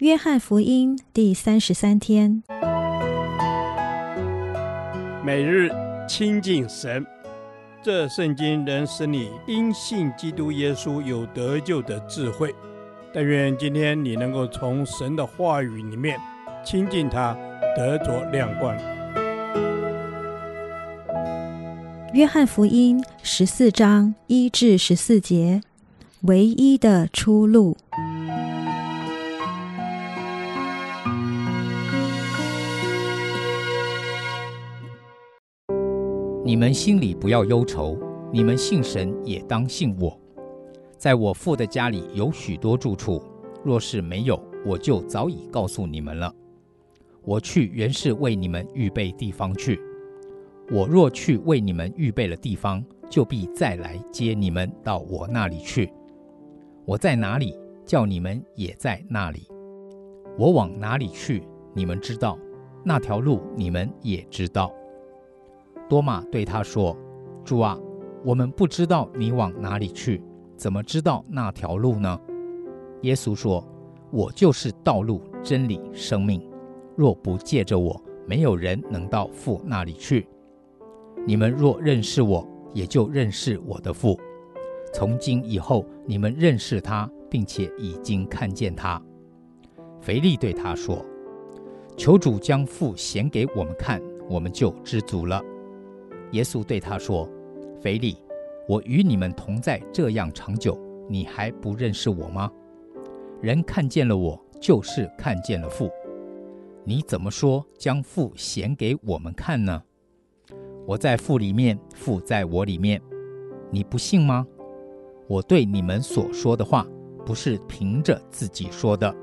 約翰福音第三十三天，每日親近神，這聖經能使你因信基督耶穌有得救的智慧。但願今天你能夠從神的話語裡面親近他，得着亮光。約翰福音十四章一至十四節，唯一的出路。你們心裡不要憂愁，你們信神也當信我。在我父的家裡有許多住處，若是沒有，我就早已告訴你們了。我去原是為你們預備地方去。我若去為你們預備了地方，就必再來接你們到我那裡去。我在哪裡，叫你們也在那裡；我往哪裡去，你們知道，那條路你們也知道。多馬對他說：“主啊，我們不知道你往哪裡去，怎麼知道那條路呢？”耶穌說：“我就是道路、真理、生命。若不借着我，沒有人能到父那裡去。你們若認識我，也就認識我的父。從今以後，你們認識他，並且已經看見他。”腓力對他說：“求主將父顯給我們看，我們就知足了。”耶穌對他說：“腓利，我與你們同在這樣長久，你還不認識我嗎？人看見了我，就是看見了父。你怎麼說將父顯給我們看呢？我在父裡面，父在我裡面。你不信嗎？我對你們所說的話，不是憑着自己說的，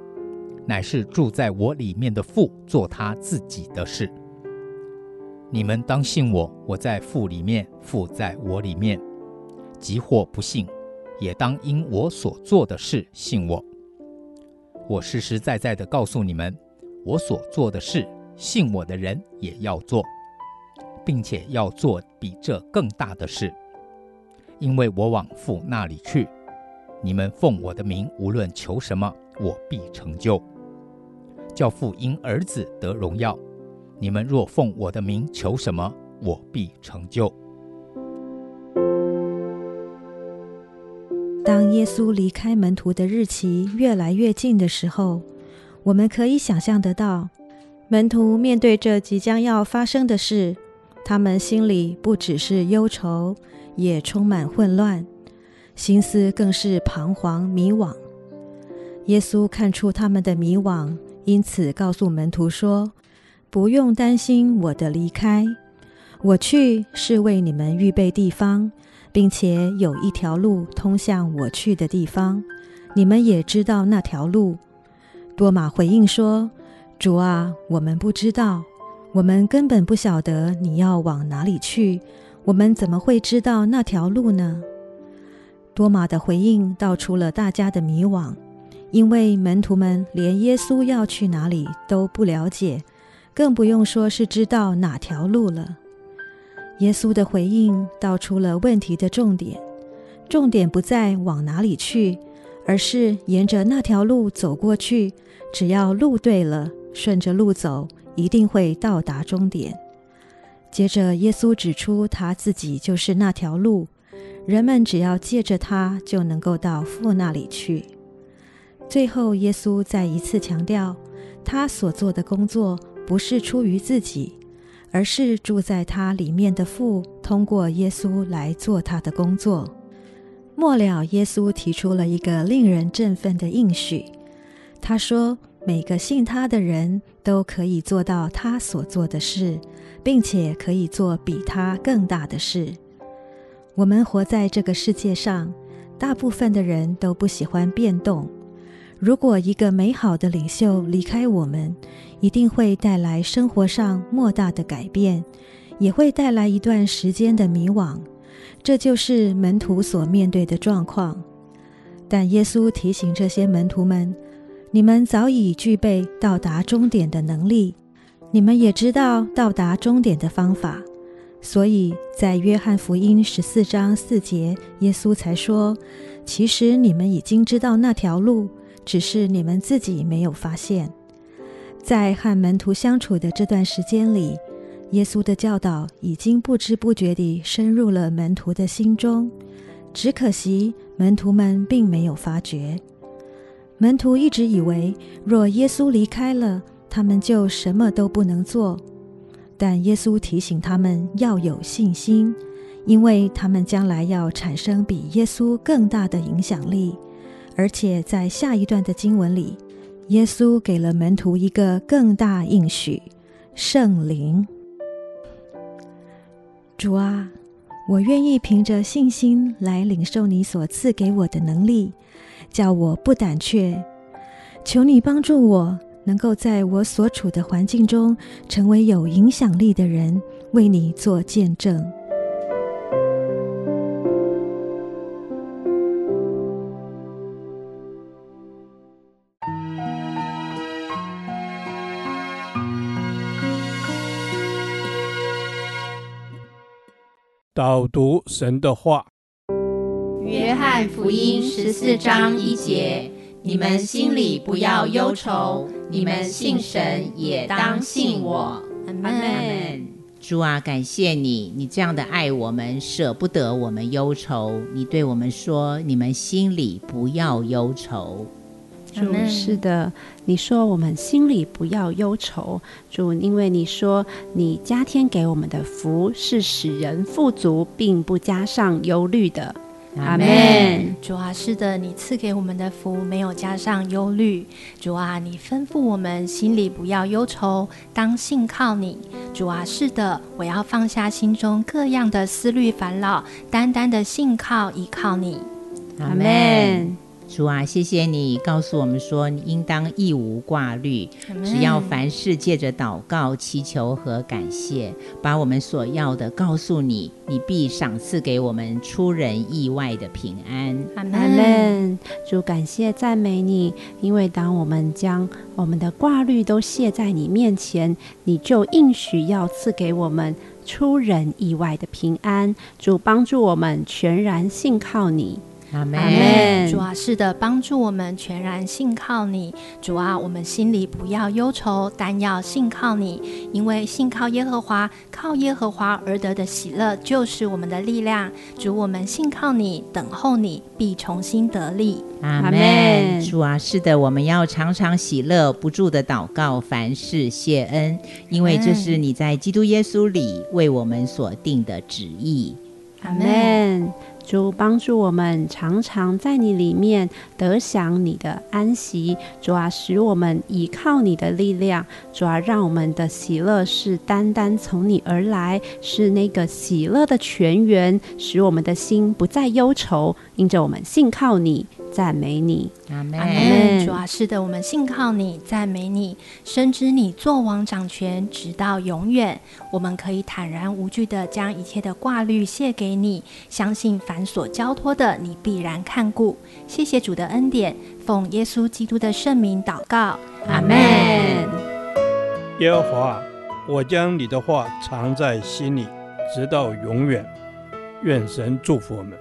乃是住在我裡面的父做他自己的事。”你們當信我，我在父裡面，父在我裡面。即或不信，也當因我所做的事信我。我實實在在的告訴你們，我所做的事，信我的人也要做，並且要做比這更大的事。因為我往父那裡去，你們奉我的名無論求什麼，我必成就。叫父因兒子得榮耀。你們若奉我的名求什麼，我必成就。當耶穌離開門徒的日期越來越近的時候，我們可以想象得到，門徒面對著即將要發生的事，他們心裡不只是憂愁，也充滿混亂，心思更是彷徨迷惘。耶穌看出他們的迷惘，因此告訴門徒說。不用擔心我的離開，我去是為你們預備地方，並且有一條路通向我去的地方，你們也知道那條路。多馬回應說：“主啊，我們不知道，我們根本不曉得你要往哪裡去，我們怎麼會知道那條路呢？”多馬的回應道出了大家的迷惘，因為門徒們連耶穌要去哪裡都不了解。更不用說是知道哪條路了。耶穌的回應道出了問題的重點：重點不在往哪裡去，而是沿着那條路走過去。只要路對了，順着路走，一定會到達終點。接着，耶穌指出他自己就是那條路，人們只要借着他就能夠到父那裡去。最後，耶穌再一次強調他所做的工作。不是出於自己，而是住在他裡面的父，通過耶穌來做他的工作。末了，耶穌提出了一個令人振奮的應許，他說：“每個信他的人都可以做到他所做的事，並且可以做比他更大的事。”我們活在這個世界上，大部分的人都不喜歡變動。如果一個美好的領袖離開我們，一定會帶來生活上莫大的改變，也會帶來一段時間的迷惘。這就是門徒所面對的狀況。但耶穌提醒這些門徒們：“你們早已具備到達終點的能力，你們也知道到達終點的方法。”所以，在約翰福音十四章四節，耶穌才說：“其實你們已經知道那條路。”只是你們自己沒有發現，在和門徒相處的這段時間裡，耶穌的教導已經不知不覺地深入了門徒的心中。只可惜，門徒們並沒有發覺。門徒一直以為，若耶穌離開了，他們就什麼都不能做。但耶穌提醒他們要有信心，因為他們將來要產生比耶穌更大的影響力。而且在下一段的經文裡，耶穌給了門徒一個更大應許：聖靈。主啊，我願意憑着信心來領受你所賜給我的能力，叫我不膽怯。求你幫助我，能夠在我所處的環境中成為有影響力的人，為你做見證。早讀神的話，約翰福音十四章一節：你們心裡不要憂愁，你們信神也當信我。阿門。主啊，感謝你，你這樣的愛我們，捨不得我們憂愁，你對我們說：你們心裡不要憂愁。主，是的，你說我們心裡不要憂愁，主，因為你說你加添給我們的福是使人富足，並不加上憂慮的。阿門們。主啊，是的，你賜給我們的福沒有加上憂慮。主啊，你吩咐我們心裡不要憂愁，當信靠你。主啊，是的，我要放下心中各樣的思慮煩惱，單單的信靠依靠你。阿門。主啊，謝謝你告訴我們說，你應當一無掛慮，Amen 只要凡事借着禱告、祈求和感謝，把我們所要的告訴你，你必賞賜給我們出人意外的平安。阿門 Amen。Amen 主，感謝讚美你，因為當我們將我們的掛慮都卸在你面前，你就應許要賜給我們出人意外的平安。主，幫助我們全然信靠你。阿門 Amen。主啊，是的，幫助我們，全然信靠你。主啊，我們心裡不要憂愁，但要信靠你，因為信靠耶和華，靠耶和華而得的喜樂，就是我們的力量。主，我們信靠你，等候你，必重新得力。阿門 Amen。主啊，是的，我們要常常喜樂，不住的禱告，凡事謝恩，因為這是你在基督耶穌裡為我們所定的旨意。阿門 Amen。主幫助我們，常常在你裡面得享你的安息。主啊，使我們倚靠你的力量。主啊，讓我們的喜樂是單單從你而來，是那個喜樂的泉源，使我們的心不再憂愁，因着我們信靠你。讚美你，阿門 Amen。主啊，是的，我們信靠你，讚美你，深知你作王掌權直到永遠。我們可以坦然無懼的將一切的掛慮卸給你，相信凡所交托的，你必然看顧。謝謝主的恩典，奉耶穌基督的聖名禱告，阿門 Amen。耶和華啊，我將你的話藏在心裡，直到永遠。願神祝福我們。